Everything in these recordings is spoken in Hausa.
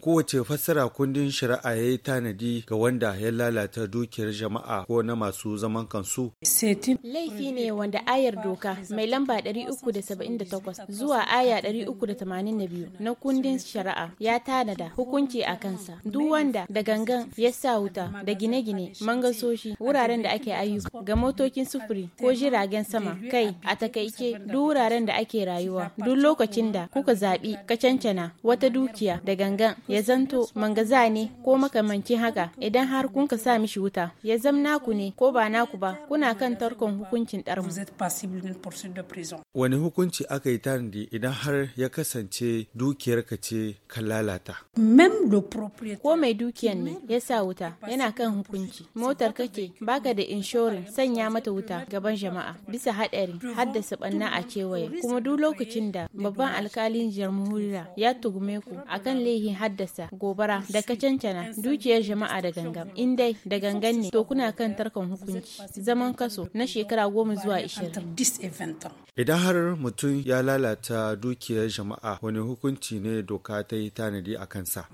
kowace fassara kundin shari'a ya yi tanadi ga wanda ya lalata dukiyar jama'a ko na masu zaman kansu. Laifi ne wanda ayar doka mai lamba 378 zuwa aya 382 na kundin shari'a ya tanada hukunci a kansa. Duk wanda da gangan ya sa wuta da gine-gine, mangasoshi, wuraren da ake ayyuka ga motokin sufuri ko jiragen sama kai a takaice duk wuraren da ake rayuwa duk lokacin da kuka zaɓi ka cancana wata dukiya da gangan ya zanto mangaza ne ko makamancin haka idan har kun ka sa mishi wuta ya zam naku ne ko ba naku ba kuna kan tarkon hukuncin ɗarmu. Wani hukunci aka yi tanadi idan har ya kasance dukiyarka ce ka lalata. Ko mai dukiyan ne ya sa wuta yana kan hukunci. Motar kake baka da inshorin sanya mata wuta gaban jama'a bisa haɗari haddasa ɓanna a kewaye kuma duk lokacin da babban alkalin jamhuriya ya tugume ku akan laihin haddasa haddasa gobara da kacancana dukiyar jama'a da gangan in dai da gangan ne to kuna kan tarkan hukunci zaman kaso na shekara goma zuwa ishirin. Idan har mutum ya lalata dukiyar jama'a wani hukunci ne doka ta yi tanadi a kansa.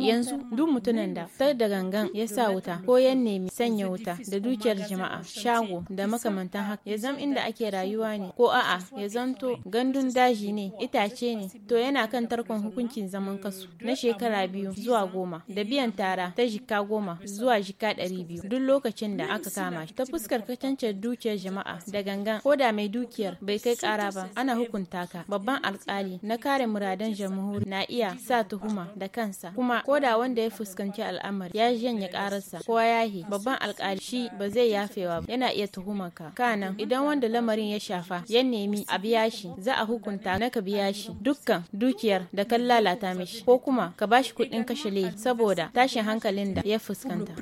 Yanzu duk mutumin da ta da gangan ya sa wuta ko ya nemi sanya wuta da dukiyar jama'a shago da makamantan haka ya zam inda ake rayuwa ne ko a'a ya zamto gandun daji ne itace ne to yana kan tarkon hukunci yankin zaman kasu mm, na shekara biyu zuwa goma da biyan tara ta jika goma zuwa jika ɗari biyu duk lokacin da aka kama shi ta fuskar katancar dukiyar jama'a da gangan ko da mai dukiyar bai kai kara ba ana hukunta ka babban alkali na kare muradan jamhuri na iya sa tuhuma da kansa kuma ko da wanda ya fuskanci al'amari ya janye kararsa ko yahi babban alkali shi ba zai yafewa ba yana iya tuhumar ka kana idan wanda lamarin ya shafa ya nemi a biya shi za a hukunta na ka biya shi dukkan dukiyar da kalla lalata mishi ko kuma ka bashi kuɗin kashe saboda tashin hankalin da ya fuskanta.